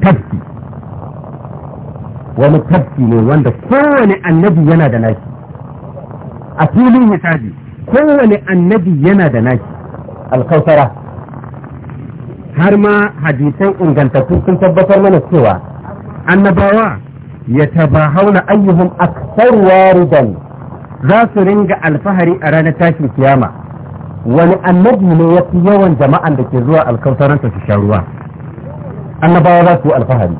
tafki wani tafki ne wanda kowane annabi yana da naki a filin hisabi kowane annabi yana da naki alkautara har ma hadisan ingantattu sun tabbatar mana cewa annabawa ya hauna ayyuhun aksar waridan za su ringa alfahari a ranar tashin kiyama wani annabi ne ya fi yawan jama'an da ke zuwa alkautaranta su sha ruwa annabawa za su yi alfahari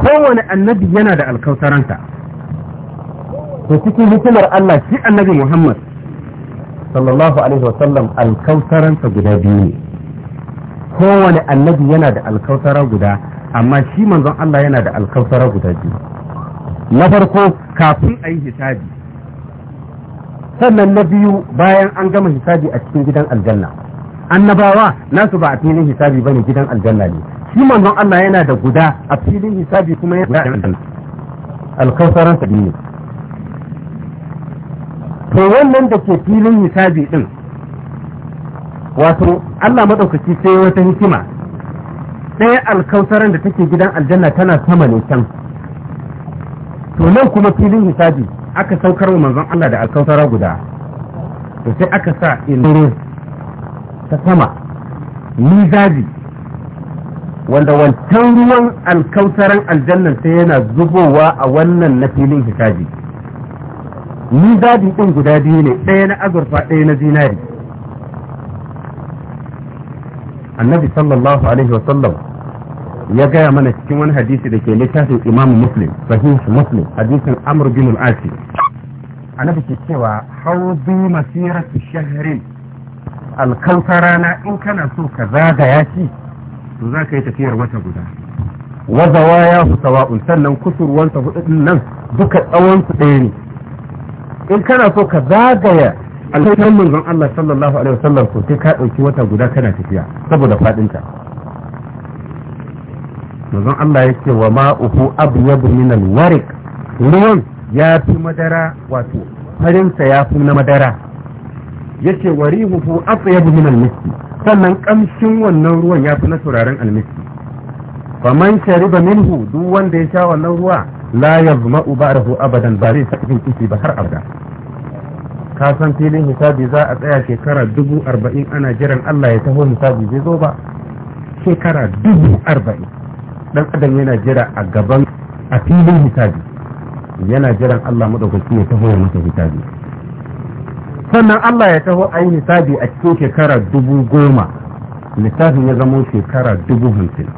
kowane annabi yana da alkausaranta to cikin hikimar Allah shi annabi Muhammad sallallahu alaihi wasallam alkausaransa guda biyu ne kowane annabi yana da alkausara guda amma shi manzon Allah yana da alkausara guda biyu na farko kafin a yi hisabi sannan na biyu bayan an gama hisabi a cikin gidan aljanna annabawa nasu ba a filin hisabi bane gidan aljanna ne shi manzon Allah yana da guda a filin hisabi kuma yana da aljanna alkausaran sabi ne to wannan da ke filin hisabi din wato Allah madaukaki sai wata hikima ɗaya alkausaran da take gidan aljanna tana sama ne can to nan kuma filin hisabi aka saukar wa manzon Allah da alkausara guda to sai aka sa ilimin ta sama mizaji wanda wancan ruwan alkautaran aljannan sai yana zubowa a wannan na filin hisabi mizaji ɗin guda biyu ne ɗaya na azurfa ɗaya na zinari annabi sallallahu alaihi sallam ya gaya mana cikin wani hadisi da ke littafin imam muslim sahih muslim hadisin amr bin al-asi annabi ke cewa haudu masiratu shahrin rana in kana so ka zagaya shi to za ka yi tafiyar wata guda wazawa ya su sawa'un sannan kusurwansa hudun nan duka tsawon ɗaya ne in kana so ka zagaya alkautar manzon Allah sallallahu alaihi wasallam ko sai ka ɗauki wata guda kana tafiya saboda faɗinta manzon Allah ya ce wa ma'uhu abyadu min alwarik ruwan ya fi madara wato farinsa ya fi na madara yace warihuhu atyabu min al sannan kamshin wannan ruwan yafi na turaren al-miski faman shariba minhu duk wanda ya sha wannan ruwa la yazma'u ba'dahu abadan ba zai sakin kici ba har abada ka san filin hisabi za a tsaya shekara dubu arba'in ana jiran Allah ya taho hisabi zai zo ba shekara dubu arba'in dan adam yana jira a gaban a filin hisabi yana jiran Allah madaukaki ya taho ya masa hisabi sannan Allah ya taho a yi nisabi a cikin shekara dubu goma lissafin ya zamo shekara dubu hamsin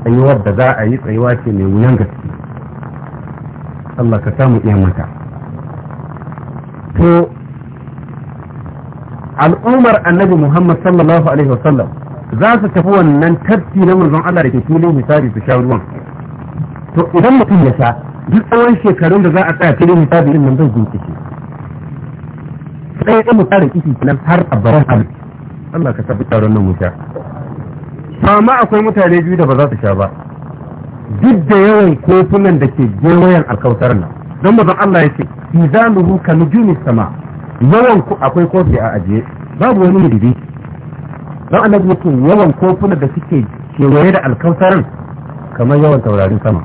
tsayuwar da za a yi tsayuwa ce mai wuyan gaske Allah ka samu iya mata to al'ummar annabi Muhammad sallallahu alaihi wasallam za su tafi wannan tafsi na murzon Allah da ke filin hisabi su sha ruwan to idan mutum ya sha duk tsawon shekarun da za a tsaya filin hisabi din nan zai gunkice sai ya mu nan har abban abin Allah ka tafi taron nan wuta amma akwai mutane biyu da ba za su sha ba duk da yawan kofunan da ke gewayen alkautar nan don mazan Allah ya ce mizanuhu ka nujumi sama yawan ku akwai kofi a ajiye babu wani mudibi don annabi ya ce yawan kofunan da suke kewaye da alkautarin kamar yawan taurarin sama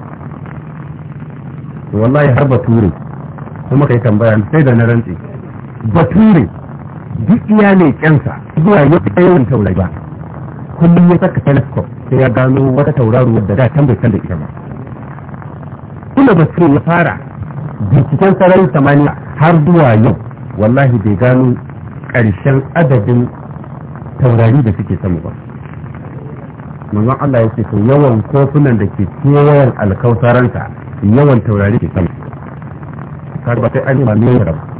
wallahi har bature kuma kai tambaya sai da na rantse bature duk iya ne kyansa zuwa ya fi yawan taurari ba kullum ya saka telescope sai ya gano wata tauraruwar da da can bai san da ita ba kuna bature ya fara binciken sararin samaniya har zuwa yau wallahi bai gano ƙarshen adadin taurari da suke sama ba manzo Allah ya ce to yawan kofunan da ke kewayen alkautaranta yawan taurari ke sama kar ba sai an yi ba ne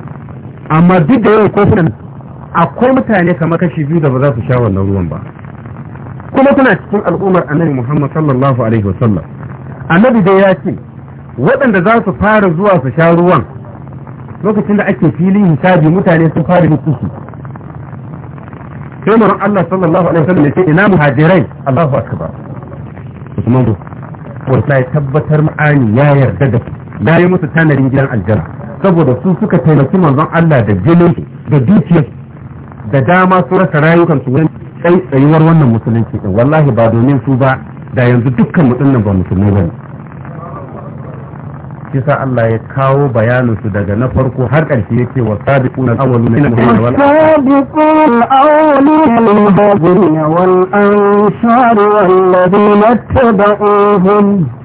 amma duk da yawan kofunan akwai mutane kamar kashi biyu da ba za su sha wannan ruwan ba kuma kuna cikin al'ummar annabi muhammad sallallahu alaihi wasallam annabi dai ya ce waɗanda za su fara zuwa su sha ruwan lokacin da ake filin hisabi mutane sun fara nukusu sai maron allah sallallahu alaihi wasallam ya ce ina muhajirai allahu akbar usman bu wallahi tabbatar ma'ani ya yarda da ya yi musu tanarin gidan aljanna saboda su suka taimaki manzon Allah da jinin da dukiyar da dama su rasa rayukan su wani sai tsayuwar wannan musulunci din wallahi ba domin su ba da yanzu dukkan mutum ba musulmai bane kisa Allah ya kawo bayanin su daga na farko har ƙarshe yake wa sabiquna awwaluna min al-awwal min al-hajri wal ansar wal ladina tabi'uhum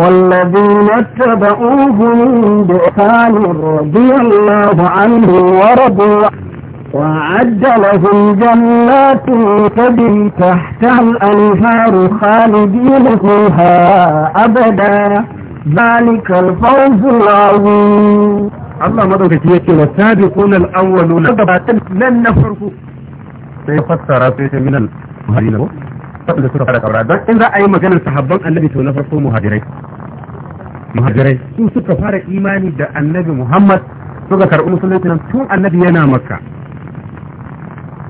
والذين اتبعوهم بإحسان رضي الله عنه ورضوا وعد لهم جنات تجري تحتها الأنهار خالدين فيها أبدا ذلك الفوز العظيم الله مدوكتي يكي والسابقون الأولون لن نفرقوا سيفسر من المهاجرين waɗanda suka fara kaura don in za a yi maganar sahabban annabi to na farko muhajirai muhajirai su suka fara imani da annabi muhammad suka karɓi musulunci nan tun annabi yana makka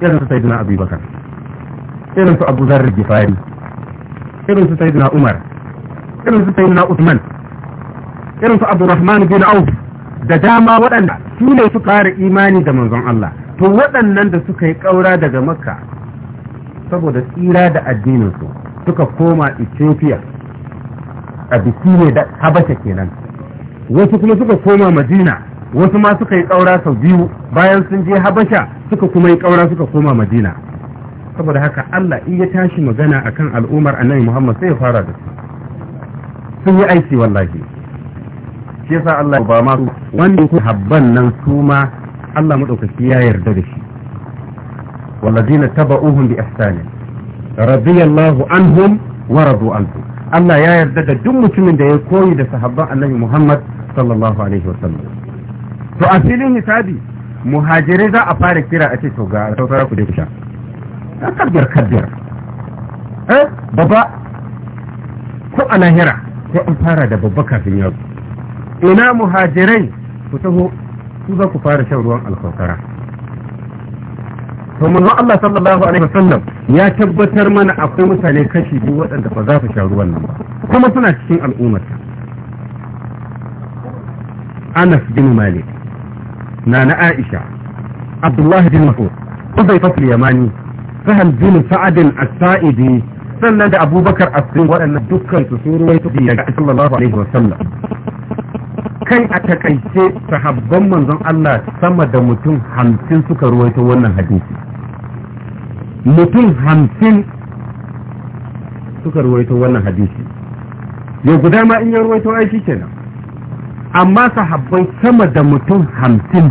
irin su sayyidina abu bakar irin su abu zarri gifari irin su sayyidina umar irin su sayyidina usman irin su abdurrahman bin auf da dama waɗanda su ne suka fara imani da manzon allah to waɗannan da suka yi ƙaura daga makka saboda tsira da addininsu suka koma ethiopia a biki ne da habasha kenan wasu kuma suka koma madina wasu ma suka yi ƙaura sau biyu bayan sun je habasha suka kuma yi ƙaura suka koma madina saboda haka allah in ya tashi magana akan al'ummar annabi muhammad sai ya fara da su sun yi aiki wallahi shi yasa allah ba ma wanda habban nan su ma allah maɗaukaki ya yarda da shi والذين تبعوهم بإحسان رضي الله عنهم ورضوا عنهم الله يا يردد دمت من دي كوي دي صحابة النبي محمد صلى الله عليه وسلم فأسيلين حسابي مهاجرين ذا أفارق كرا أتي سوغا توترا كده كشا كبير كبير eh baba ko a lahira sai an fara da babba kafin yau ina muhajirai ku taho su za ku fara shan ruwan alkaukara to manzo Allah sallallahu alaihi wasallam ya tabbatar mana akwai mutane kashi biyu waɗanda ba za su sha ruwan nan ba kuma suna cikin al'ummarsa Anas bin Malik Nana Aisha Abdullah bin Mas'ud Hudayfa al-Yamani Sahal bin Sa'ad as-Sa'idi sannan da Abubakar as-Siddiq waɗannan dukkan su sun ruwaito daga sallallahu alaihi wasallam kai a takaice sahabban manzon Allah sama da mutum hamsin suka ruwaito wannan hadisi mutum hamsin suka ruwaito wannan hadisi ya guda ma in ya ruwaito ai shi kenan amma sahabbai sama da mutum hamsin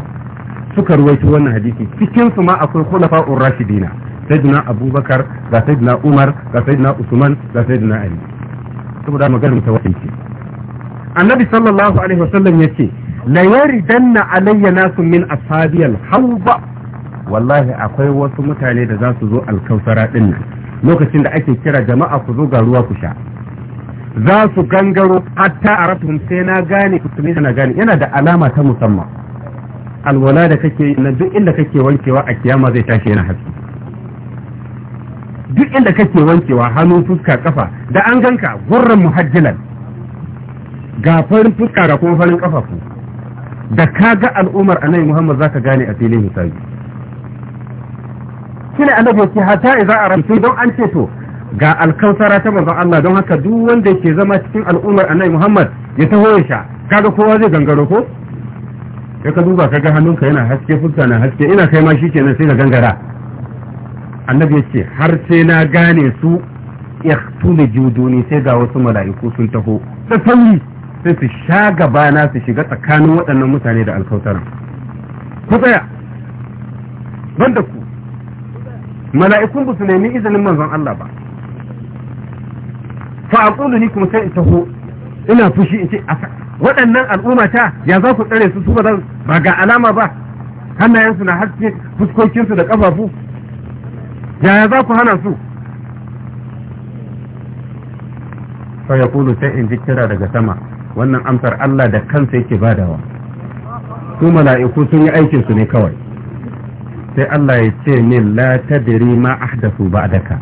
suka ruwaito wannan hadisi cikin su ma akwai khulafa urashidina sayyidina abubakar ga sayyidina umar ga sayyidina usman ga sayyidina ali saboda maganar ta wahayi ce annabi sallallahu alaihi wasallam yace la yaridanna alayya nasu min ashabi al-hawba wallahi akwai wasu mutane da za su zo alkausara din nan lokacin da ake kira jama'a ku zo ga ruwa ku sha za su gangaro hatta a ratuhum sai na gane kusurmi na gane yana da alama ta musamman alwala da kake na duk inda kake wankewa a kiyama zai tashi yana haske duk inda kake wankewa hannu fuska kafa da an ganka gurran muhajjilan ga farin fuska da kuma farin kafa da ka ga al'ummar annabi Muhammad zaka gane a filin hisabi shine annabi ya ce idza arabtu don an ce to ga alkausara ta manzon Allah don haka duk wanda ke zama cikin al'ummar annabi Muhammad ya taho ya sha kaga kowa zai gangaro ko Ya ka duba kaga hannunka yana haske fuska na haske ina kai ma shikenan sai ka gangara annabi ya ce har sai na gane su ikhtuli juduni sai ga wasu mala'iku sun taho da sauri sai su sha gaba na su shiga tsakanin waɗannan mutane da alkautaran ku tsaya banda ku mala'ikun ba su nemi izinin manzon Allah ba fa aqulu ni kuma sai in taho ina fushi in ce waɗannan al'umma ta ya za ku tsare su su ba ba ga alama ba hannayensu na haske fuskokinsu da kafafu yaya za ku hana su fa ya yaqulu sai in daga sama wannan amsar Allah da kansa yake badawa su mala'iku sun yi aikinsu ne kawai sai Allah ya ce min la tadri ma ahdathu ba'daka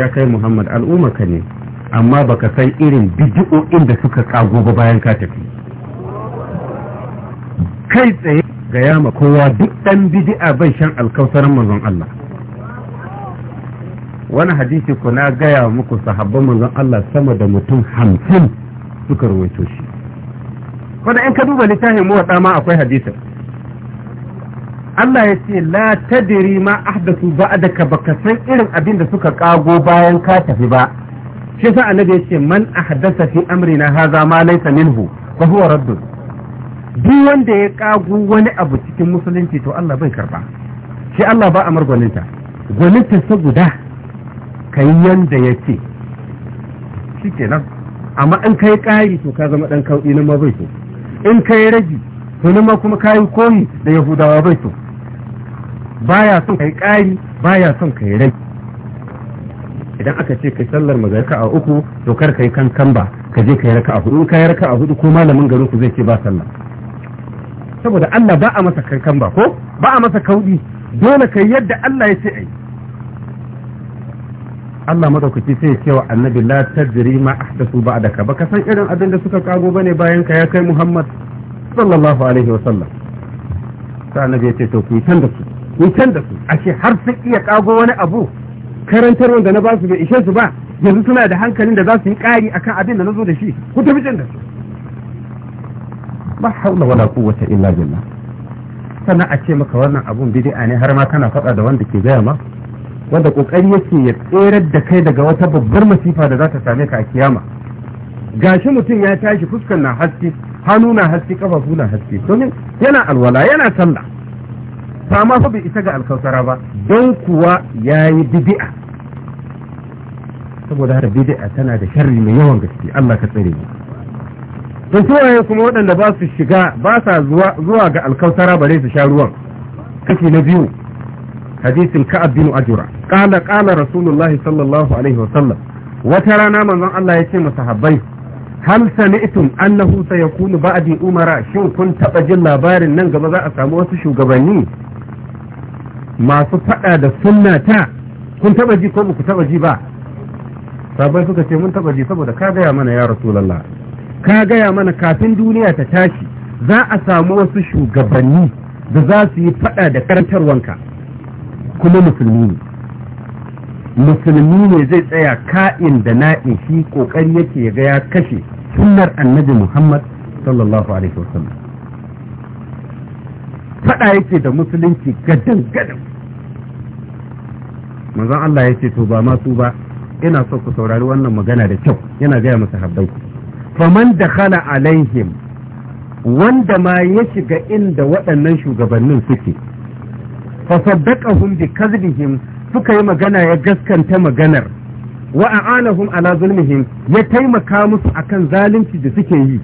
ya kai Muhammad al'ummaka ne amma baka san irin bid'o'in da suka kago ba bayan ka tafi kai tsaye ga yama kowa duk dan bid'a bai shan alkausarin manzon Allah wani hadisi ku na gaya muku sahabban manzon Allah sama da mutum hamsin suka rawaito shi wanda in ka duba littafin muwaɗa ma akwai hadisin Allah ya ce la tadiri ma ahdathu ba'daka baka san irin abin da suka kago bayan ka tafi ba shi yasa annabi ya ce man ahdatha fi amrina hadha ma laysa minhu fa huwa radd duk wanda ya kago wani abu cikin musulunci to Allah bai karba shi Allah ba amar gwaninta gwaninta sa guda kai yanda ya ce shikenan amma in kai kai to ka zama dan kauɗi na mabai in kai ragi to nan ma kuma kayi koyi da yahudawa bai so baya son kai ƙari baya son kai rai idan aka ce kai sallar magarka a uku to kar kai kankan ba ka je kai raka a hudu kai raka a hudu ko malamin garin ku zai ce ba sallah saboda Allah ba a masa kankan ba ko ba a masa kaudi dole kai yadda Allah ya ce ai Allah madaukaki sai ya ce wa annabi la tajri ma ahdathu ba'daka Ka san irin abin da suka kago bane bayan ka ya kai Muhammad sallallahu alaihi wasallam sai annabi ya ce to ku can da su ku can da su ashe har sun iya kago wani abu karantar wanda na basu su bai ishe su ba yanzu suna da hankalin da za su yi kari akan abin da nazo da shi ku tafi can da su ba haula wala quwwata illa billah sannan a ce maka wannan abun bid'a ne har ma kana faɗa da wanda ke gaya ma wanda kokari yake ya tserar da kai daga wata babbar masifa da za ta same ka a kiyama gashi mutum ya tashi fuskan na haske hannu na haske kafafu na haske domin yana alwala yana sallah ba ma fa bai isa ga alkausara ba don kuwa ya yi bid'a saboda har bid'a tana da sharri mai yawan gaske Allah ka tsare mu sun suwaye kuma waɗanda ba su shiga ba sa zuwa ga alkausara bare su sha ruwan kashi na biyu hadisin ka'ab bin ajura qala qala rasulullahi sallallahu alaihi wa sallam. wata rana manzon Allah ya ce masahabbai hal sami'tum annahu sayakunu ba'di umara shin kun taba jin labarin nan gaba za a samu wasu shugabanni masu fada da sunna kun taba ji ko ku taba ji ba sabai suka ce mun taba ji saboda ka gaya mana ya rasulullah ka gaya mana kafin duniya ta tashi za a samu wasu shugabanni da za su yi fada da wanka kuma musulmi musulmi ne zai tsaya ka'in da na'in shi kokari yake ya ga ya kashe sunnar annabi muhammad sallallahu alaihi wasallam fada yake da musulunci gadan gadan manzon Allah ya ce to ba ma su ba ina so ku saurari wannan magana da kyau yana gaya musu habbai faman da khala alaihim wanda ma ya shiga inda waɗannan shugabannin suke fa saddaqahum bi kadhibihim suka yi magana ya gaskanta maganar wa a'anahum ala zulmihim ya taimaka musu akan zalunci da suke yi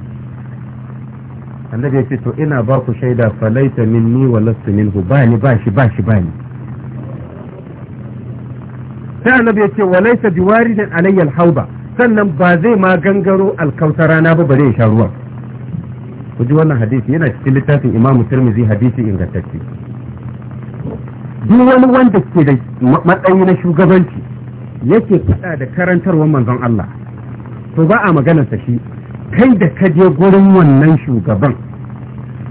annabi ce to ina ba ku shaida falaita minni wa lastu minhu ba shi ba ni. sai annabi yace wa laysa biwaridin alayya alhauba sannan ba zai ma gangaro alkautara na ba bare ya sha ruwa. ku ji wannan hadisi yana cikin littafin imamu tirmidhi hadisi ingantacce duk wani wanda ke da matsayi na shugabanci yake faɗa da karantarwar manzon Allah to ba a maganarsa shi kai da ka je gurin wannan shugaban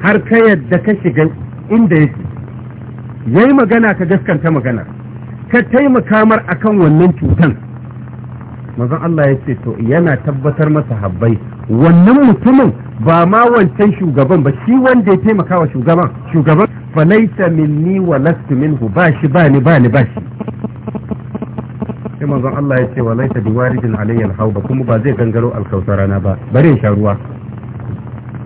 har ka yadda ka shiga inda yake yayi magana ka gaskanta magana, ka taimaka mar akan wannan cutan manzon Allah ya ce to yana tabbatar masa habbai wannan mutumin ba ma wancan shugaban ba shi wanda ya taimaka wa shugaban shugaban falaita minni wa lastu minhu ba shi ba ni ba ni ba shi sai manzon Allah ya ce wa laita biwaridin alayya alhauba kuma ba zai gangaro alkausarana ba bare sha ruwa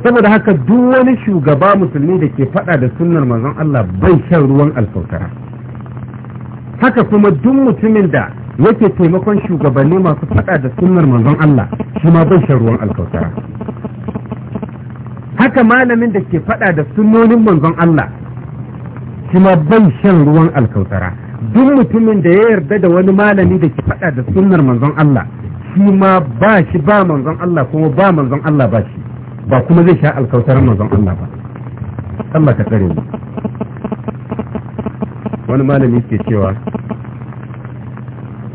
saboda haka duk wani shugaba musulmi da ke fada da sunnar manzon Allah bai shan ruwan alkausara haka kuma duk mutumin da yake taimakon shugabanni masu fada da sunnar manzon Allah shi ma ban shan ruwan alkautara haka malamin da ke fada da sunnonin manzon Allah shi ma ban shan ruwan alkautara duk mutumin da ya yarda da wani malami da ke fada da sunnar manzon Allah shi ma ba shi ba manzon Allah kuma ba manzon Allah ba shi ba kuma zai sha alkautaran manzon Allah ba Allah ka tsare mu wani malami ke cewa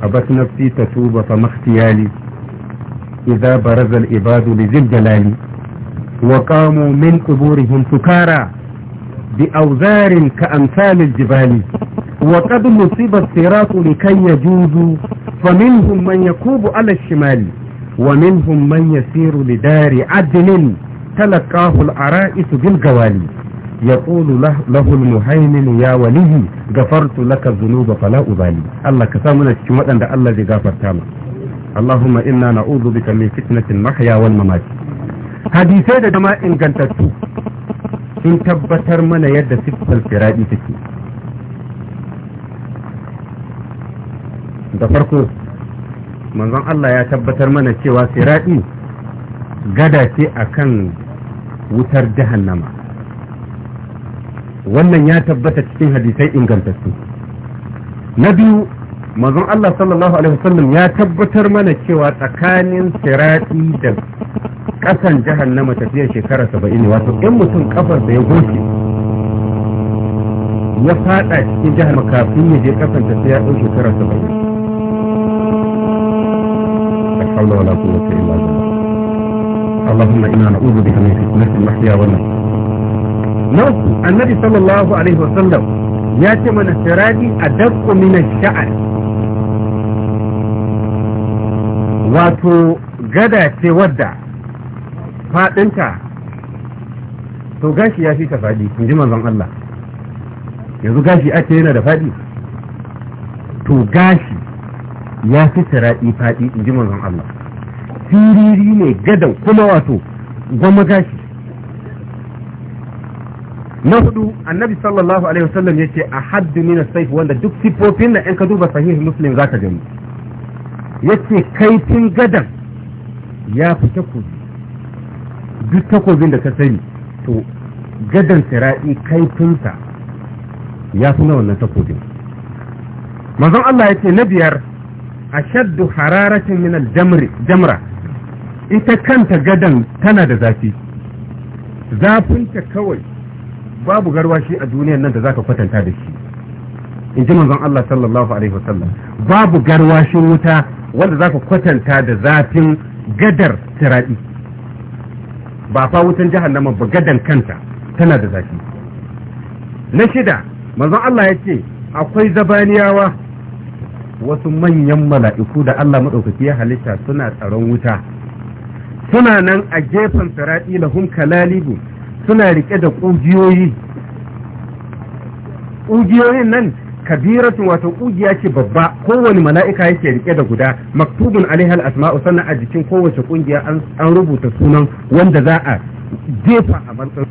أبت نفسي تتوب فما اختيالي إذا برز الإباد لذي الجلال وقاموا من قبورهم سكارى بأوزار كأمثال الجبال وقد نصيب الصراط لكي يجوزوا فمنهم من يكوب على الشمال ومنهم من يسير لدار عدل تلقاه العرائس بالجوالي يقول له, له المهيمن يا ولي غفرت لك الذنوب فلا أبالي الله كسامنا شمت أن الله اللهم إنا نعوذ بك من فتنة المحيا والممات hadisai da dama ingantattu sun tabbatar mana yadda siffar firaɗi take da farko manzon Allah ya tabbatar mana cewa firaɗi gada ce kan wutar jahannama wannan ya tabbata cikin hadisai ingantattu na biyu manzon Allah sallallahu alaihi wasallam ya tabbatar mana cewa tsakanin sirati da kasan jahannama tafiyar shekara saba'in wato in mutum kafar da ya goce ya fada cikin jahannama kafin ya je kasan tafiya ɗin shekara saba'in la hawla wala quwwata illa اللهم انا نعوذ بك من فتنه المحيا والممات nasu annabi sallallahu alaihi wasallam ya ce mana siradi a dakko mina sha'ar wato gada ce wadda faɗinta to gashi ya fi ta faɗi in ji manzon Allah yanzu gashi ake yana da fadi to gashi ya fi siradi faɗi in ji manzon Allah siriri ne gadan kuma wato goma gashi na hudu annabi sallallahu alaihi wasallam yace a haddu na saif wanda duk sifofin da in ka duba sahih muslim zaka gani yace kaifin gadan ya fi takobi duk takobin da ka sani to gadan sira'i kaifinsa ya fi na wannan takobin manzon Allah yace na biyar ashaddu hararatin min al jamra ita kanta gadan tana da zafi zafinta kawai babu garwashi a duniyar nan da zaka kwatanta da shi in ji manzon Allah sallallahu alaihi wasallam babu garwashin wuta wanda zaka kwatanta da zafin gadar tiradi ba fa wutan jahannama ba gadan kanta tana da zafi na shida manzon Allah ya ce akwai zabaniyawa wasu manyan mala'iku da Allah maɗaukaki ya halitta suna tsaron wuta suna nan a gefen siraɗi lahum kalalibu suna rike da ƙugiyoyi ƙugiyoyin nan kabiratu wato ƙugiya ce babba kowane mala'ika yake rike da guda maktubun alaihal asma'u sannan a jikin kowace ƙungiya an rubuta sunan wanda za a jefa a matsayin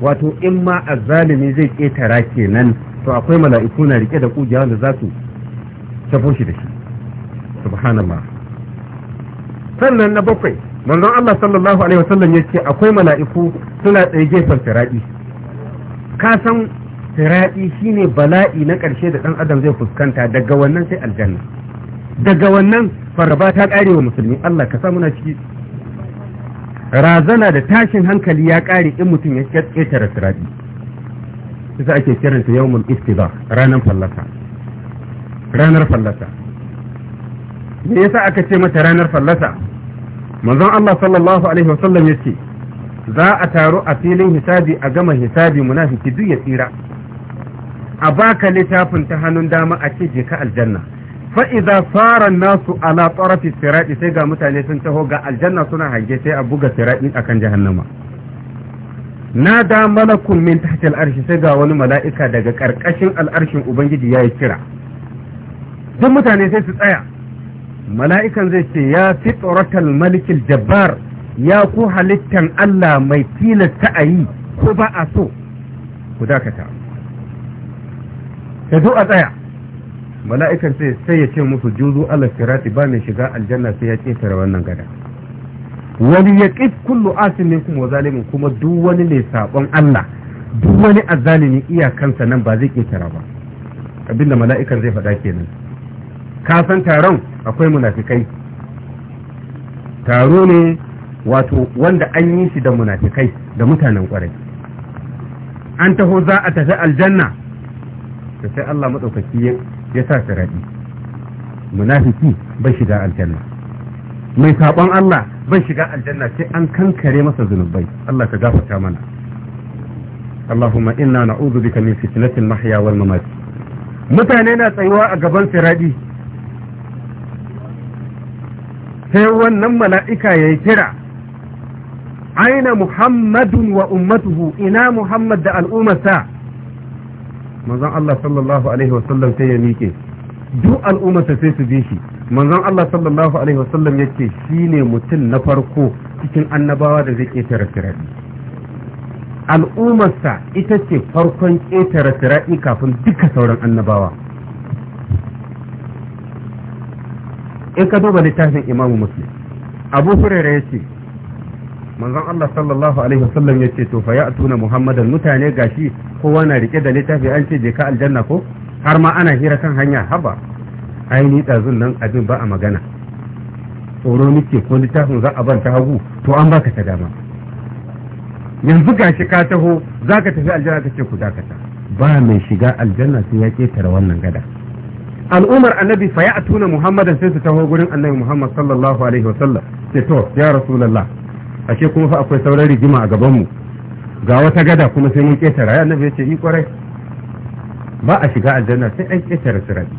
wato in ma azzalimi zai ƙetara kenan to akwai mala'iku na rike da ƙugiya wanda za su shafo shi da shi subhanallah sannan na bakwai manzon Allah sallallahu alaihi wasallam yace akwai mala'iku suna tsaye gefen siradi ka san siradi shine bala'i na ƙarshe da ɗan adam zai fuskanta daga wannan sai aljanna daga wannan faraba ta kare wa musulmi Allah ka sa muna ciki razana da tashin hankali ya ƙare in mutum ya ƙetare siradi sai ake kiranta yawmul istida ranar fallasa ranar fallasa me yasa aka ce mata ranar fallasa manzon Allah sallallahu alaihi wasallam yace za a taru a filin hisabi a gama hisabi munafiki duk ya tsira a baka littafin ta hannun dama a ce je ka aljanna fa idza fara nasu ala tarafi sirati sai ga mutane sun taho ga aljanna suna hange sai a buga sirati akan jahannama na da malakun min tahti al'arshi sai ga wani mala'ika daga karkashin al'arshin ubangiji yayi kira duk mutane sai su tsaya mala'ikan zai ce ya fi tsoratar malikin jabbar ya ku halittan Allah mai tilasta a yi ko ba a so ku dakata ta zo a tsaya mala'ikan sai sai ya ce musu juzu ala sirati ba mai shiga aljanna sai ya ƙetare wannan gada wani ya ƙif kullu asimin kuma zalimin kuma duk wani ne saɓon Allah duk wani azalimi iyakansa nan ba zai ƙetara ba abinda mala'ikan zai faɗa kenan ka san taron akwai munafikai taro ne wato wanda an yi shi da munafikai da mutanen kwarai an taho za a tafi aljanna da sai Allah maɗaukaki ya sa siradi munafiki bai shiga aljanna mai saɓon Allah bai shiga aljanna sai an kankare masa zunubai Allah ka gafarta mana Allahumma inna na'udhu bika min fitnatil mahya wal mamat mutane na tsayuwa a gaban siradi sai wannan mala'ika ya yi kira aina muhammadun wa ummatuhu ina muhammad da al'ummarsa manzon Allah sallallahu alaihi wasallam sai ya miƙe duk al'ummarsa sai su bi shi manzon Allah sallallahu alaihi wasallam shi ne mutum na farko cikin annabawa da zai ƙetare sirari al'ummarsa ita ce farkon ƙetare sirari kafin duka sauran annabawa in ka duba littafin imamu muslim abu hurairu ya ce manzon Allah sallallahu alaihi wasallam ya ce to fa ya tuna muhammadan mutane gashi kowa na rike da littafi an ce je ka aljanna ko har ma ana hira kan hanya haba ai ni nan abin ba a magana tsoro nike ko littafin za a banta hagu to an baka ta dama yanzu gashi ka taho ka tafi aljanna ce ku dakata ba mai shiga aljanna sai ya ketare wannan gada al'ummar annabi fa ya tuna muhammadan sai su taho gurin annabi muhammad sallallahu alaihi wa sallam sai to ya rasulullah ashe kuma fa akwai sauran rigima a gaban mu ga wata gada kuma sai mun ketara ya annabi ya ce i kwarai ba a shiga aljanna sai an ketara sirati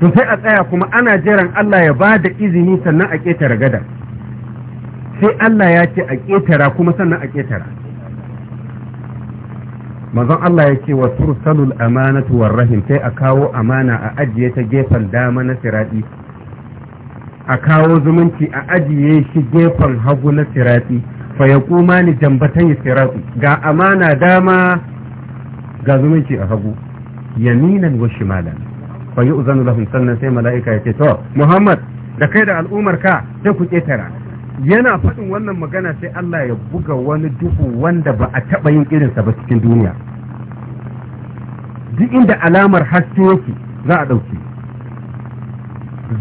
to sai a tsaya kuma ana jiran Allah ya ba da izini sannan a ketara gada sai Allah ya ce a ketara kuma sannan a ketara manzon Allah ce wa tursalul amanatu war rahim sai a kawo amana a ajiye ta gefen dama na sirati a kawo zumunci a ajiye shi gefen hagu na sirati fa kuma ni jambatan sirati ga amana dama ga zumunci a hagu yaminan wa shimalan fa yu'zanu lahum sannan sai mala'ika yake to Muhammad da kai da al'umar ka sai ku ketara yana faɗin wannan magana sai Allah ya buga wani duhu wanda ba a taɓa yin irinsa ba cikin duniya duk inda alamar haske yake za a ɗauki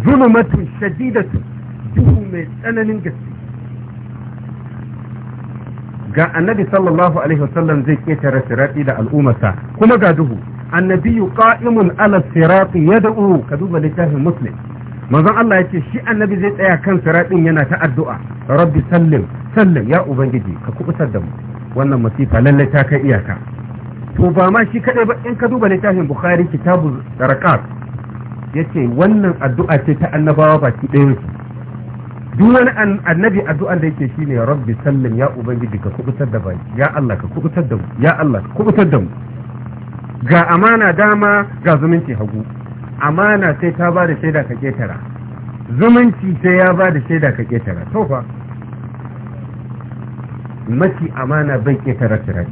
zulumatun shadidatu duhu mai tsananin gaske ga annabi sallallahu alaihi wasallam zai keta rasirati da al'ummarsa kuma ga duhu annabi qa'imun ala sirati yad'u ka duba littafin muslim manzon Allah ya ce shi annabi zai tsaya kan siratin yana ta addu'a rabbi sallim sallim ya ubangiji ka kubutar da mu wannan masifa lallai ta kai iyaka to ba ma shi kadai ba in ka duba littafin bukhari kitabu raqaq yace wannan addu'a ce ta annabawa ba baki ɗayan su duk wani annabi addu'an da yake shine rabbi sallim ya ubangiji ka kubutar da bai ya Allah ka kubutar da mu ya Allah ka kubutar da mu ga amana dama ga zumunci hagu amana sai ta ba da shaida ka ketara zumunci sai ya ba da shaida ka ketara to fa mafi amana bai ketara sirati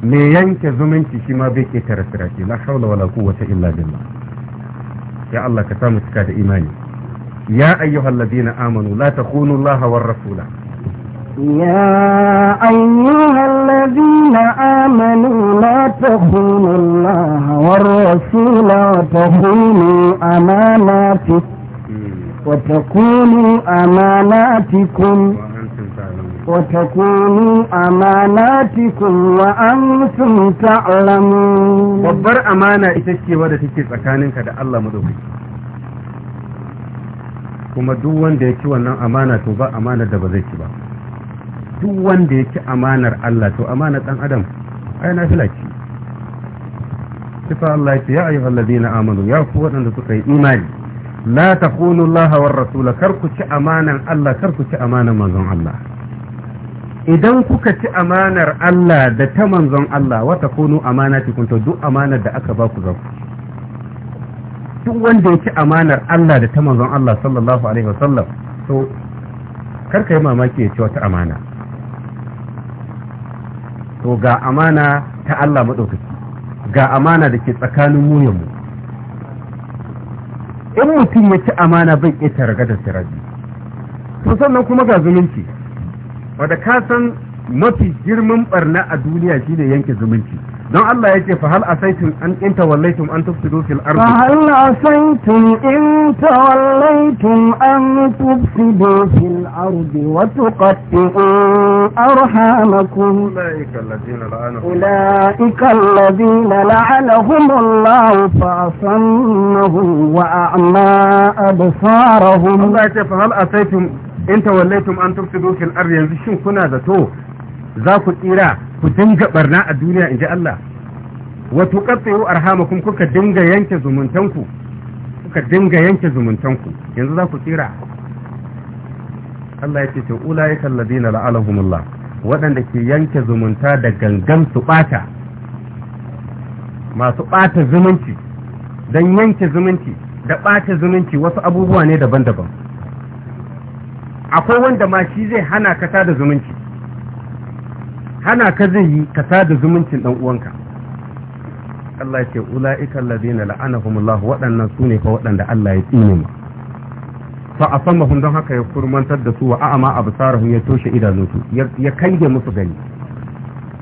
me yanke zumunci shi ma bai ketara sirati la haula wala quwwata illa billah ya Allah ka samu cika da imani ya ayyuhallazina amanu la takhunu Allah war rasula يا أيها الذين آمنوا لا تخونوا الله والرسول وتخونوا أماناتكم وتكونوا أماناتكم وتكونوا أماناتكم وأنتم تعلمون وبر أمانة إتشكي ودى تشكي تسكانك كده الله مدوكي كما دوان ديكي ya ci توبا amana to ba duk wanda ya ci amanar Allah to amanar ɗan adam ai na fila ce sifa Allah ce ya ayyuhal ladina amanu ya ku waɗanda suka yi imani la takunu Allah war rasula kar ku ci amanar Allah kar ku ci amanar manzon Allah idan kuka ci amanar Allah da ta manzon Allah wa takunu kun to duk amanar da aka ba ku za ku duk wanda ya ci amanar Allah da ta manzon Allah sallallahu alaihi wasallam to kar ka yi mamaki ya ci wata amana to ga amana ta Allah maɗaukaki ga amana da ke tsakanin mu in mutum ya ci amana bai iya targa da sirabi to sannan kuma ga zumunci wadda ka san mafi girman barna a duniya shine yanke zumunci don Allah yake fa hal asaitum an inta wallaitum an tufsidu fil ardi fa hal asaitum in tawallaitum an tufsidu fil ardi wa tuqattu arhamakum ulaika alladhina la'anahum ulaika alladhina la'anahum Allah fa asammahum wa a'ma absarahum Allah yake fa hal asaitum in tawallaitum an tufsidu fil ardi yanzu shin kuna zato za ku tsira ku dinga barna a duniya in ji Allah wa tuqatti'u arhamakum kuka dinga yanke zumuntanku kuka dinga yanke zumuntanku yanzu za ku tsira Allah ya ce to ulaika la'alahumullah waɗanda ke yanke zumunta da gangan su ɓata masu bata zumunci dan yanke zumunci da ɓata zumunci wasu abubuwa ne daban-daban akwai wanda ma shi zai hana ka da zumunci hana ka zai yi ka sada zumuncin dan uwanka Allah ya ce ula'ika alladhina la'anahumullah waɗannan su ne fa waɗanda Allah ya tsine mu fa asammahum don haka ya kurmantar da su wa a'ama absarahum ya toshe idanunsu ya kange musu gani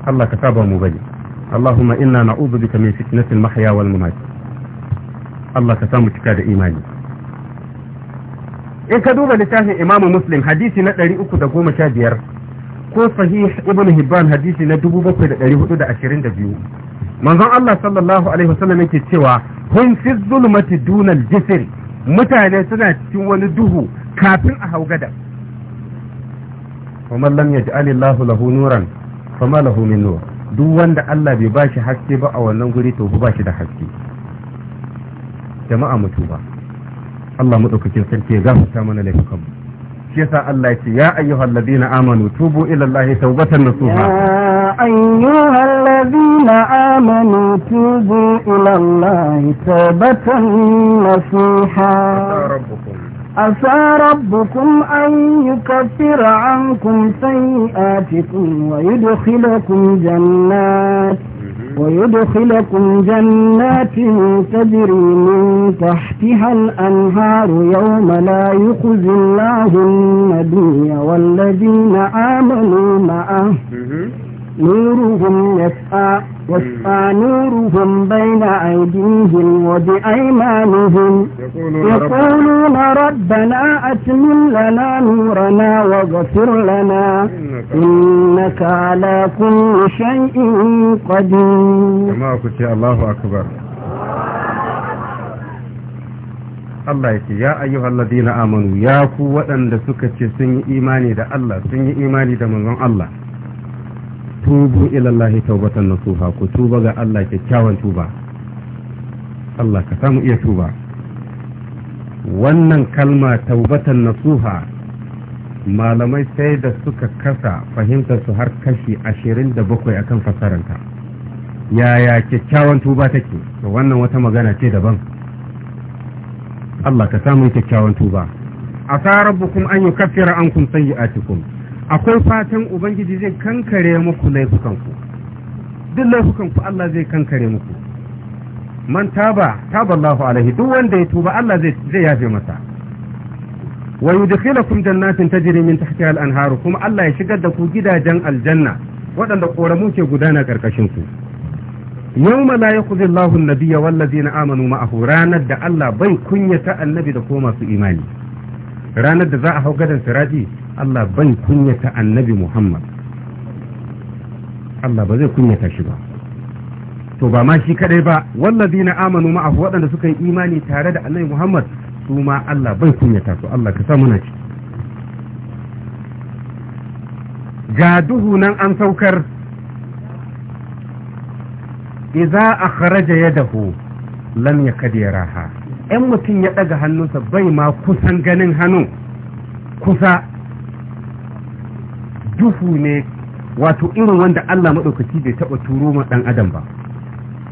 Allah ka saba mu bane Allahumma inna na'udhu bika min fitnatil mahya wal mamat Allah ka samu cika da imani in ka duba littafin Imam Muslim hadisi na 315 ko sahih ibn hibban hadisi na 7422 manzon Allah sallallahu alaihi wasallam yake cewa hun fi zulmati dunal jisr mutane suna cikin wani duhu kafin a haugada kuma man lam yaj'al Allahu lahu nuran fama lahu min nur duk wanda Allah bai bashi haske ba a wannan guri to ba shi da haske jama'a mutu ba Allah madaukakin sarki ya gafarta mana laifukan mu يسا الله يا أيها الذين آمنوا توبوا إلى الله توبة نصوحا يا أيها الذين آمنوا توبوا إلى الله توبة نصوحا عسى ربكم أن يكفر عنكم سيئاتكم ويدخلكم جنات ويدخلكم جنات تجري من تحتها الأنهار يوم لا يخزي الله النبي والذين آمنوا معه نورهم يسعى يسعى نورهم بين أيديهم وبأيمانهم يقولون ربنا أتمن لنا نورنا واغفر لنا إنك على كل شيء قدير كما قلت الله أكبر Allah ya ce ya ayyuhal ladina amanu ya ku waɗanda suka ce sun yi imani da Allah sun yi imani da manzon Allah tubu ilallahi taubatan nasuha ku tuba ga Allah kyakkyawan tuba Allah ka samu iya tuba wannan kalma taubatan nasuha malamai sai da suka kasa fahimtar su har kashi ashirin da bakwai akan fasaranta yaya kyakkyawan tuba take to wannan wata magana ce daban Allah ka samu kyakkyawan tuba A asa rabbukum an yukaffira ankum sayyi'atikum akwai fatan ubangiji zai kankare muku laifukanku duk laifukanku Allah zai kankare muku man taba taba Allahu alaihi duk wanda ya tuba Allah zai yafe masa wa yudkhilukum jannatin tajri min tahtiha al-anhar kuma Allah ya shigar da ku gidajen aljanna waɗanda koramu ke gudana karkashin ku yawma la yakhzi Allahu an-nabiyya wal ladzina amanu ma'ahu ranar da Allah bai kunyata annabi da ko masu imani ranar da za a hau gadan siraji Allah ban kunyata annabi Muhammad Allah ba zai kunyata shi ba to ba ma shi kadai ba na amanu ma'ahu waɗanda suka yi imani tare da annabi Muhammad su ma Allah ban kunyata su Allah ka sa muna ci ga duhu nan an saukar idza akhraja yadahu lam yakad yaraha in mutum ya daga hannunsa bai ma kusan ganin hannun kusa duhu ne wato irin wanda Allah maɗaukaki bai taɓa turo ma ɗan adam ba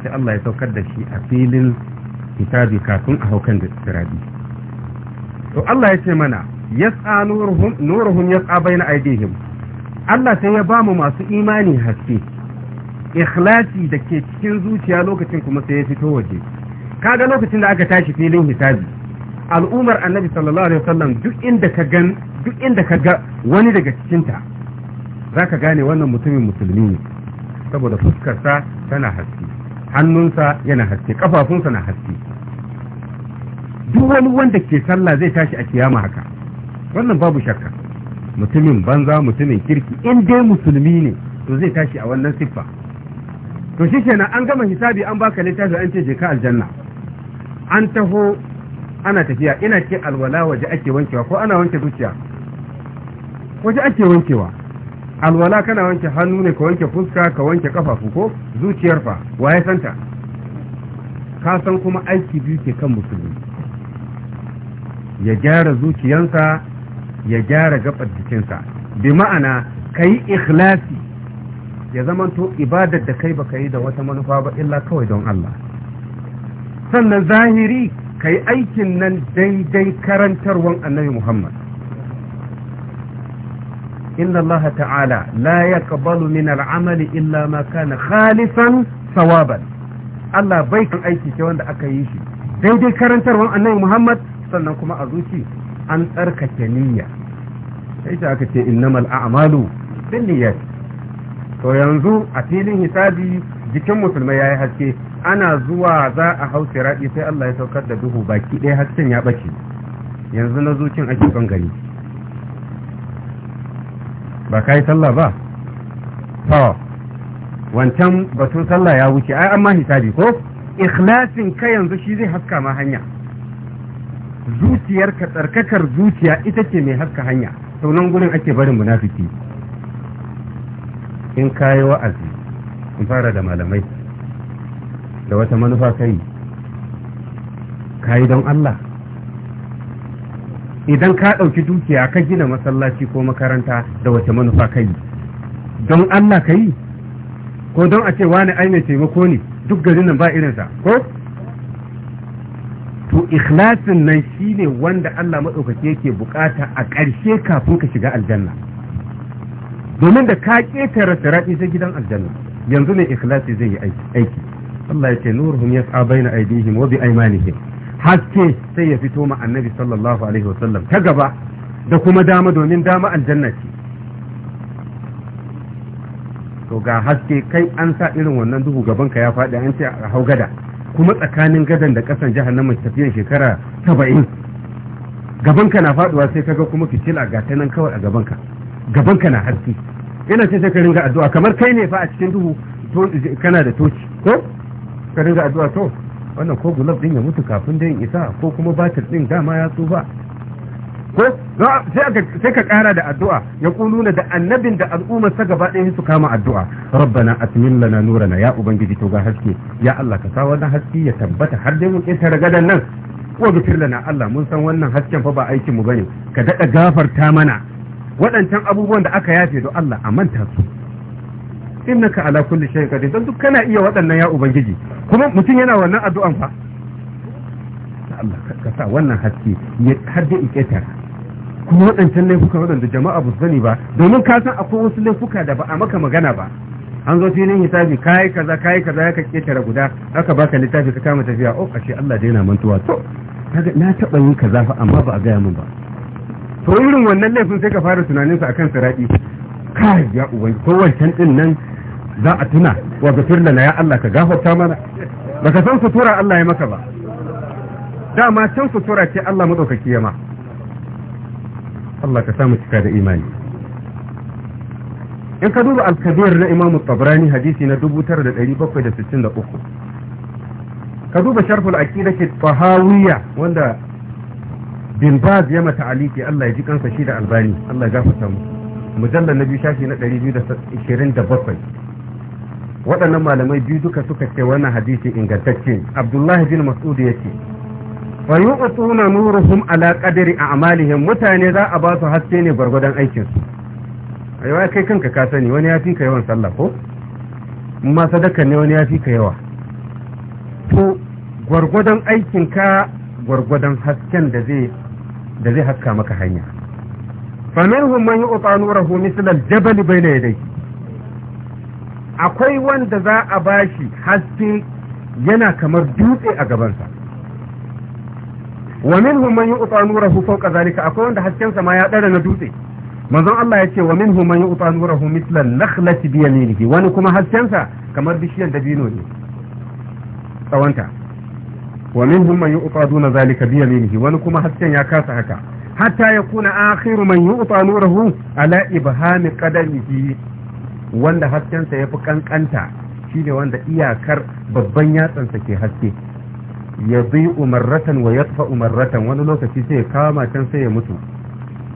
sai Allah ya saukar da shi a filin hisabi kafin a haukan da sirabi to Allah ya ce mana yas'a nuruhum nuruhum yas'a baina aydihim Allah sai ya ba mu masu imani haske ikhlasi da ke cikin zuciya lokacin kuma sai ya fito waje kaga lokacin da aka tashi filin hisabi al'ummar annabi sallallahu alaihi wasallam duk inda ka gan duk inda ka ga wani daga cikinta za ka gane wannan mutumin musulmi ne saboda fuskarsa tana haske hannunsa yana haske kafafunsa na haske duk wani wanda ke sallah zai tashi a kiyama haka wannan babu shakka mutumin banza mutumin kirki in dai musulmi ne to zai tashi a wannan siffa to shi kenan an gama hisabi an baka littafi an ce je ka aljanna an taho ana tafiya ina ce alwala waje ake wankewa ko ana wanke zuciya waje ake wankewa alwala kana wanke hannu ne ka wanke fuska ka wanke kafafu ko zuciyar fa waye santa ka san kuma aiki biyu ke kan musulmi ya gyara zuciyansa ya gyara gabar jikinsa bi ma'ana ka yi ikhlasi ya zamanto ibadar da kai baka yi da wata manufa ba illa kawai don Allah sannan zahiri ka yi aikin nan daidai karantarwan annabi Muhammad inna Allah ta'ala la yaqbalu min al'amali illa ma kana khalisan sawaban Allah bai kan aiki ce wanda aka yi shi daidai karantar annabi Muhammad sannan kuma a zuci an tsarkake niyya sai ta aka ce innamal a'malu binniyat to yanzu a filin hisabi jikin musulmai ya yi haske ana zuwa za a hau raɗi, sai Allah ya saukar da duhu baki ɗaya hasken ya bace yanzu na zucin ake son gani ba ka yi sallah ba to wancan batun sallah ya wuce ai amma hisabi ko ikhlasin ka yanzu shi zai haska ma hanya ka tsarkakar zuciya ita ce mai haska hanya to nan gurin ake barin munafiki in ka yi wa'azi in fara da malamai da wata manufa kai ka don Allah idan ka ɗauki dukiya ka gina masallaci ko makaranta da wace manufa ka yi don Allah ka yi ko don a ce wani ainihin taimako ne duk garin nan ba irinsa ko to ikhlasin nan shine wanda Allah maɗaukaki yake bukata a ƙarshe kafin ka shiga aljanna domin da ka ƙetare sirati sai gidan aljanna yanzu ne ikhlasi zai yi aiki Allah ya ce nuruhum yas'a baina aydihim wa bi aymanihim haske sai ya fito ma annabi sallallahu alaihi wasallam ta gaba da kuma dama domin dama aljanna ce to ga haske kai an sa irin wannan duhu gaban ka ya faɗi an ce a hau gada kuma tsakanin gadan da kasan jahannama tafiyan shekara saba'in gaban ka na faduwa sai kaga kuma fitila ga ta nan kawai a gaban ka gaban ka na haske yana ce sai ka ringa addu'a kamar kai ne fa a cikin duhu kana da toci ko ka ringa addu'a to wannan ko gulab din ya mutu kafin da yin isa ko kuma batir din dama ya tsufa ko sai ka kara da addu'a ya kuluna da annabin da al'ummar sa gaba ɗaya su kama addu'a rabbana atmin lana nurana ya ubangiji to ga haske ya Allah ka sa wannan haske ya tabbata har dai mun ƙetare gadan nan ko gafir lana Allah mun san wannan hasken fa ba aikin mu bane ka daɗa gafarta mana waɗancan abubuwan da aka yafe don Allah a manta su innaka ala kulli shay'in qadir dan duk kana iya waɗannan ya ubangiji kuma mutum yana wannan addu'an fa Allah ka sa wannan haske ya har da iketa kuma waɗancan laifuka waɗanda jama'a ba zani ba domin ka san akwai wasu laifuka da ba a maka magana ba an zo filin hisabi kai kaza kai kaza ya ka tare guda aka baka littafi ka kama tafiya oh ashe Allah da yana mantuwa to na taɓa yin kaza fa amma ba a gaya min ba to irin wannan laifin sai ka fara tunanin sa akan sirati kai ya ubangi ko wancan din nan za a tuna wa gafir lana ya Allah ka gafarta mana baka san sutura Allah ya maka ba dama can sutura ce Allah madaukaki ya ma Allah ka samu cika da imani in ka duba al-kabir na Imam Tabrani hadisi na 9763 ka duba sharh al-aqidah at-tahawiyya wanda bin baz ya mata aliki Allah ya ji kansa shi da albani Allah ya gafarta mu mujallal na biyu shafi na 227 waɗannan malamai biyu duka suka ce wannan hadisi ingantacce abdullahi bin mas'ud ya ce wa yu'tuna nuruhum ala qadri a'malihim mutane za a ba su haske ne gwargwadon aikin su ayyuka kai kanka ka sani wani ya fi ka yawan sallah ko amma sadaka ne wani ya fi ka yawa to gwargwadon aikin ka gwargwadon hasken da zai da zai haska maka hanya Fa faminhum man yu'ta nurahu misla al-jabal bayna yadayhi akwai wanda za a bashi haske yana kamar dutse a gabansa wa minhum man yu'ta nuruhu fawqa zalika akwai wanda haskensa ma ya dare na dutse manzon Allah ya ce wa minhum man yu'ta nuruhu mithla nakhlati bi yaminihi wani kuma haskensa kamar bishiyar dabino ne tsawanta wa minhum man yu'ta duna zalika bi yaminihi wani kuma hasken ya kasa haka hatta yakuna akhiru man yu'ta nuruhu ala ibhami qadamihi wanda haskensa ya fi kankanta shi ne wanda iyakar babban yatsansa ke haske ya zai umarratan wa ya tsafa umarratan wani lokaci sai ya kama can sai ya mutu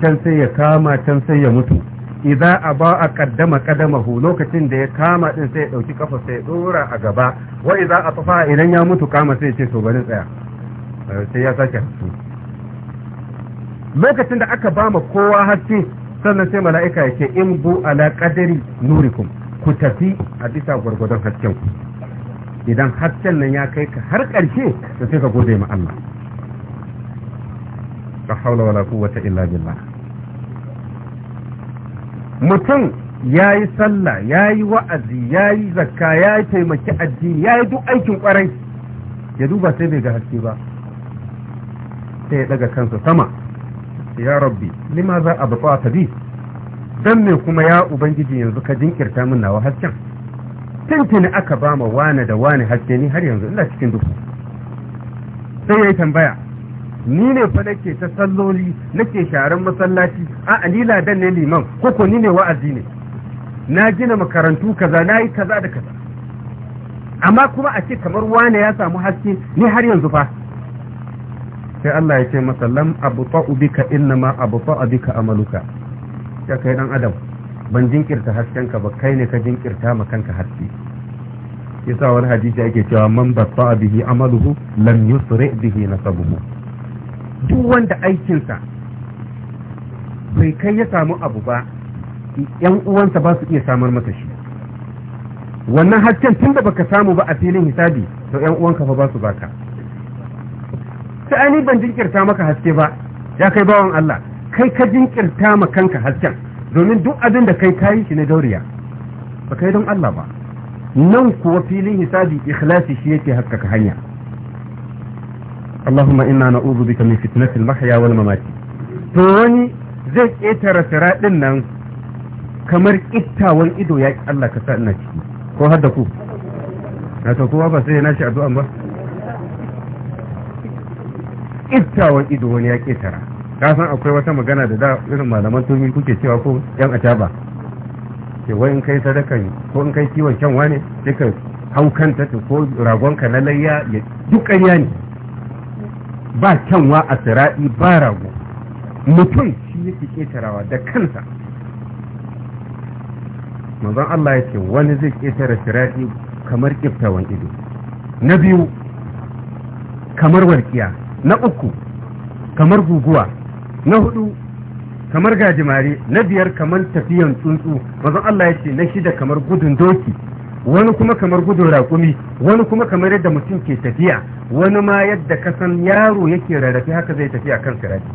can sai ya kama can sai ya mutu idan a ba a kaddama kadamahu lokacin da ya kama din sai ya dauki kafa sai ya dora a gaba wa idan a tsafa idan ya mutu kama sai ya ce to bari tsaya eh, sai ya sake haske lokacin da aka ba ma kowa haske sannan sai mala'ika ya ce in bu ala qadari nurikum ku tafi a bisa gwargwadon hasken ku idan hasken nan ya kai ka har ƙarshe da sai ka gode ma Allah ka haula wala quwwata illa billah mutum ya yayi sallah yi wa'azi ya yi zakka yi taimaki addini yi duk aikin kwarai ya duba sai bai ga haske ba sai ya daga kansa sama ya rabbi lima za a bafa ta bi dan me kuma ya ubangiji yanzu ka jinkirta min nawa hasken tuntuni aka ba ma wane da wane haske ni har yanzu ina cikin duhu sai ya yi tambaya ni ne fa nake ta salloli nake sharan masallaci a ni ladan ne liman Ko ni ne wa'azi ne na gina makarantu kaza na yi kaza da kaza amma kuma a ce kamar wane ya samu haske ni har yanzu fa sai Allah ya ce masa lam abta'u bika ma abta'a bika amaluka ya kai dan adam ban jinkirta haskenka ba kai ne ka jinkirta ma kanka haske yasa wani hadisi yake cewa man batta bihi amaluhu lam yusri bihi nasabuhu duk wanda aikinsa bai kai ya samu abu ba yan uwansa ba su iya samar masa shi wannan hasken tun da baka samu ba a filin hisabi to yan uwanka fa ba su baka sai ani ban jinkirta maka haske ba ya kai bawan Allah kai ka jinkirta ma kanka hasken domin duk abin da kai kayi shi na dauriya ba kai don Allah ba nan kuwa filin hisabi ikhlasi shi yake haskaka hanya اللهم إنا نعوذ بك من فتنة المحيا والممات to wani zai ƙetare sira ɗin nan kamar ƙittawan ido ya Allah ka sa ina ciki ko har da ku na kowa ba sai ya nashi addu'an ba ƙiftawan ido wani ya ƙetara ka san akwai wata magana da da irin malaman turmi kuke cewa ko yan acaba ke wai in kai sadakan ko in kai kiwon kyanwa ne duka haukanta ko ragon ka na layya ya duk ƙarya ne ba kyanwa a sira'i ba rago mutum shi yake ƙetarawa da kansa manzon Allah ya ce wani zai ketara sira'i kamar ƙiftawan ido na biyu kamar walƙiya na uku kamar guguwa na hudu kamar gajimare na biyar kamar tafiyan tsuntsu mazan Allah ya ce na shida kamar gudun doki wani kuma kamar gudun raƙumi wani kuma kamar yadda mutum ke tafiya wani ma yadda kasan yaro yake rarrafe haka zai tafi a kan sirati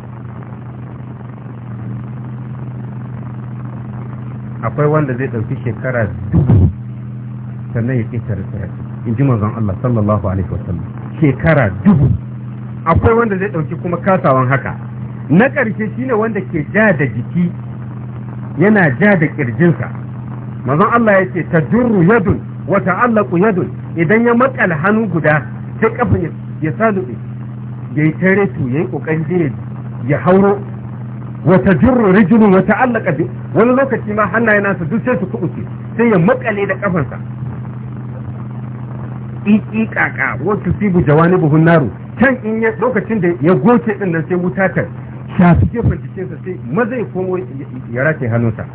akwai wanda zai ɗauki shekara dubu sannan ya ƙetare sirati in ji manzon Allah sallallahu alaihi wasallam shekara dubu akwai wanda zai ɗauki kuma kasawan haka na ƙarshe shine wanda ke ja da jiki yana ja da ƙirjinsa mazan Allah ya ce ta jirru yadun wa ta'allaqu yadun idan ya makal hannu guda sai kafa ya salube ya yi tare su ya yi ƙoƙari ya hauro wa ta jirru wata wa ta'allaka wani lokaci ma hannaye nasa duk sai su kubuce sai ya makale da kafansa iƙiƙaƙa wa tusibu buhun naru can in lokacin da ya goce din nan sai wuta ta shafi gefen jikinsa sai maza ya komo ya rataye hannunsa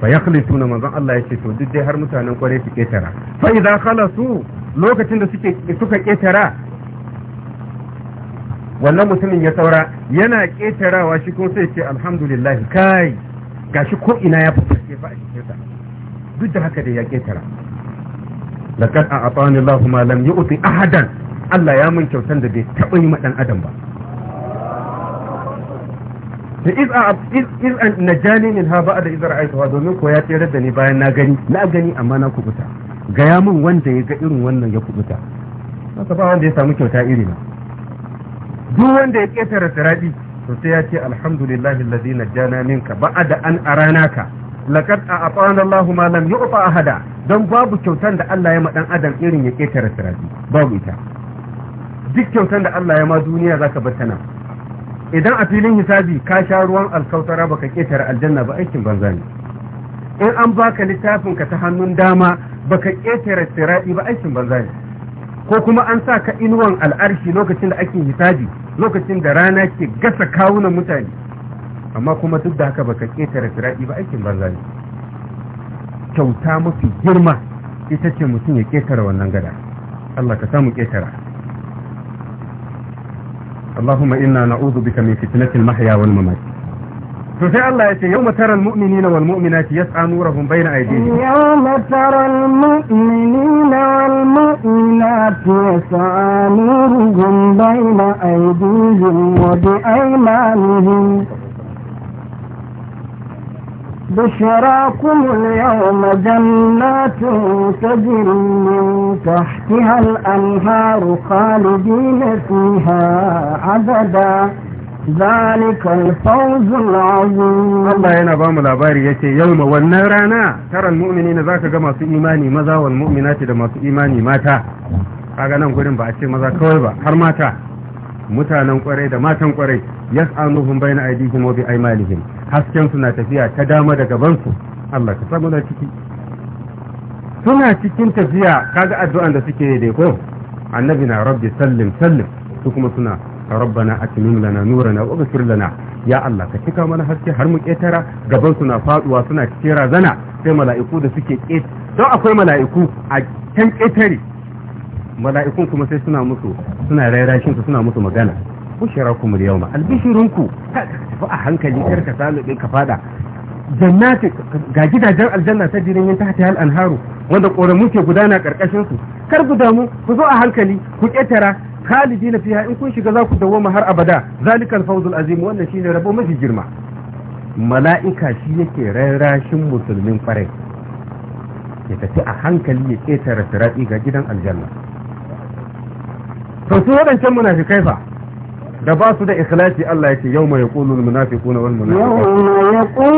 fa ya kalli na manzon Allah ya ce to duk dai har mutanen kwarai su ketara fa kala khalasu lokacin da suke suka ketara wannan mutumin ya saura yana ketarawa shi kuma sai ce alhamdulillah kai gashi ko ina ya fitarke ba a jikinsa duk da haka da ya ketara لقد أعطاني الله ما لم yu'ti ahadan Allah ya mun kyautan da bai taɓa yi maɗan adam ba da iz an najani min ha ba'a da izar aikawa domin ko ya tsere da ni bayan na gani na gani amma na kubuta gaya min wanda ya ga irin wannan ya kubuta masa ba wanda ya samu kyauta iri na duk wanda ya ƙetare siradi to sai ya ce alhamdulillahi alladhi najjana minka ba'a da an aranaka laqad a'tana Allahu ma lam yu'ta ahada dan babu kyautan da Allah ya ma dan adam irin ya ƙetare siradi babu ita duk kyautar da Allah ya ma duniya za ka bata nan idan a filin hisabi ka sha ruwan alkautara ba ka ƙetare aljanna ba aikin banza ne in an baka littafin ka ta hannun dama ba ka ƙetare sirai ba aikin banza ne ko kuma an sa ka inuwan al'arshi lokacin da ake hisabi lokacin da rana ke gasa kawunan mutane amma kuma duk da haka ba ka ƙetare sirai ba aikin banza ne kyauta mafi girma ita ce mutum ya ƙetare wannan gada Allah ka samu ƙetara اللهم إنا نعوذ بك من فتنة المحيا والممات ففي الله يتي يوم ترى المؤمنين والمؤمنات يسعى نورهم بين أيديهم يوم ترى المؤمنين والمؤمنات يسعى نورهم بين أيديهم وبأيمانهم بشراكم اليوم جنات تجري من تحتها الأنهار خالدين فيها ابدا ذلك الفوز العظيم الله هنا بام الأباري يتي يوم والنرانا ترى المؤمنين ذاك كما في إيماني مذا والمؤمنات كما في إيماني ماتا أغنم قرن بأسي مذا كويبا كرماتا mutanen kwarai da matan kwarai yas'anuhum bayna aydihim wa bi aymanihim hasken suna tafiya ta dama da gaban su Allah ka samu da ciki suna cikin tafiya kaga addu'an da suke da ko annabi na rabbi sallim sallim su kuma suna rabbana atmim lana nurana wa ghfir lana ya Allah ka cika mana haske har mu ketara gaban suna faduwa suna cikin razana sai mala'iku da suke ket don akwai mala'iku a can ketare mala'ikun kuma sai suna musu suna su suna musu magana bushira kuma yau ma albishirinku ba a hankali kar ka samu ɗin ka fada jannati ga gidajen aljanna ta jirin yin tahta al anharu wanda ƙoramu ke gudana karkashin su kar ku damu ku zo a hankali ku ƙetara khalidi na fiha in kun shiga za ku dawoma har abada zalikal fawzul azim wannan shine rabo mafi girma mala'ika shi yake rarrashin musulmin kwarai ya tafi a hankali ya ƙetare siraɗi ga gidan aljanna to su waɗancan munafikai fa da ba su da ikhlasi Allah yake yawma yaqulul munafiquna wal munafiqatu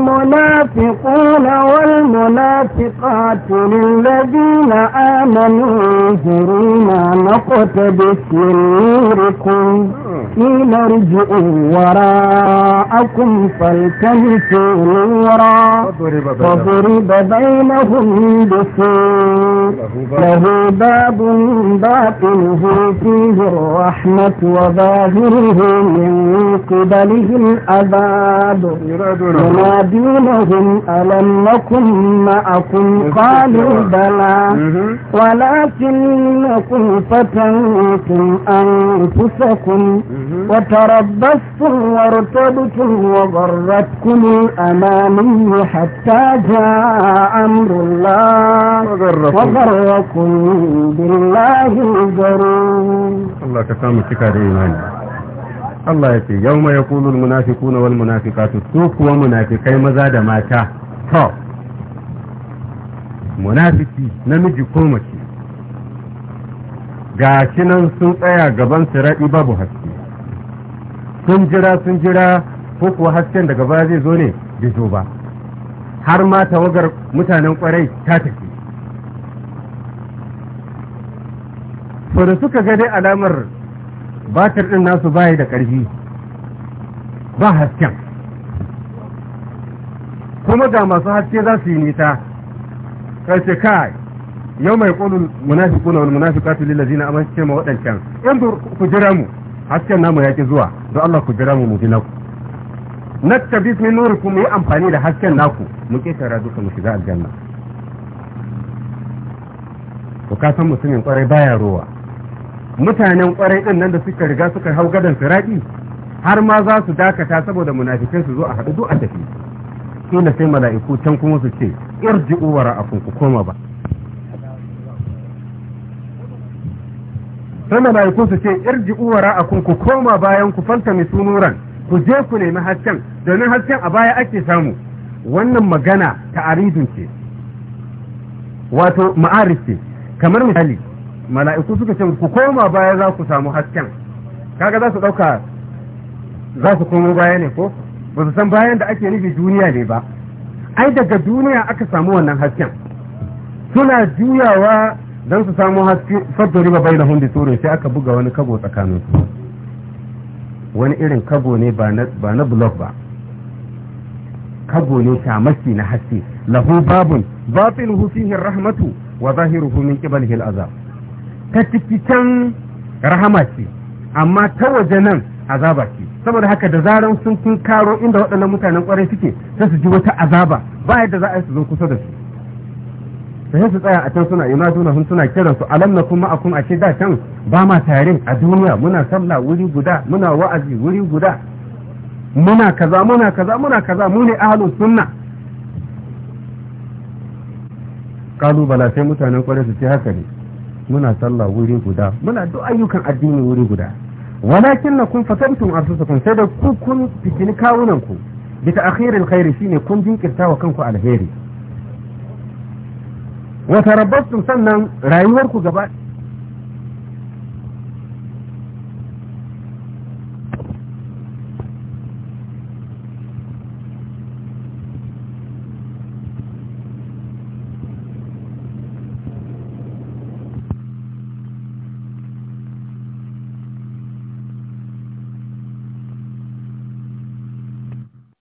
munafiquna wal munafiqatu وراءكم فالتمسوا نورا فضرب بينهم بسور له باب باطنه فيه الرحمة وباب يناديهم من قبلهم عذاب ينادونهم ألم نكن معكم قالوا بلى ولكنكم فتنتم أنفسكم وتربصتم وارتبتم وغرتكم الأماني حتى جاء أمر الله وغركم بالله الغرور الله كسامك كريم Allah ya ce yau mai yakunul munafiku na wal munafikatu su kuwa munafikai maza da mata to munafiki namiji ko mace ga shi nan sun tsaya gaban su raɗi babu haske sun jira sun jira ko kuwa hasken daga baya zai zo ne bai zo ba har ma tawagar mutanen kwarai ta tafi so suka ga dai alamar batir ɗin nasu baya da ƙarfi ba hasken kuma ga masu haske za su yi nita ƙarshe kai yau mai ƙulun wani munafi munafiqatu lila zina a mace ma waɗancan in ku jira mu hasken namu ya ki zuwa don Allah ku jira mu mu bi naku nattabis min nurikum mu yi amfani da hasken naku mu tara duka mu shiga aljanna ku ka san mutumin kwarai baya ruwa. mutanen kwarai din nan da suka riga suka hau gadon siraɗi har ma za su dakata saboda munafikai su zo a haɗu a tafi ina sai mala'iku can kuma su ce irji'u a ku koma ba sai mala'iku su ce a ku koma bayan ku fanta sunuran ku je ku nemi hasken domin hasken a baya ake samu wannan magana ta aridun ce wato ma'arif ce kamar misali mala'iku suka ce ku koma baya za ku samu hasken kaga za su ɗauka za su komo baya ne ko ba su san bayan da ake nufi duniya ne ba ai daga duniya aka samu wannan hasken suna juyawa don su samu haske faddori ba bai hundi bisurin sai aka buga wani kabo tsakanin su wani irin kabo ne ba na blog ba kabo ne shamaki na haske lahu babun batin hufihin rahmatu wa zahiruhu min qibalihi azab ta ciki can rahama ce amma ta waje nan azaba ce saboda haka da zaran sun kun karo inda waɗannan mutanen ƙwarai suke sai su ji wata azaba ba yadda za a yi su zo kusa da su sai su tsaya a can suna yunaduna sun suna kiran su alam na kuma akun ashe da can ba ma tare a duniya muna sallah wuri guda muna wa'azi wuri guda muna kaza muna kaza muna kaza mu ne ahlus sunna kalu bala sai mutanen kwarai su ce haka ne muna sallah wuri guda muna duk ayyukan addini wuri guda walakin na kun fasamtum anfusakum sai da ku kun fitini kawunan ku bi ta'khiril khairi shine kun jinkirta wa kanku alheri wa tarabbastum sannan rayuwar ku gaba